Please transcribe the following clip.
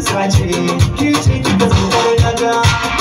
swatch it, you treat it as a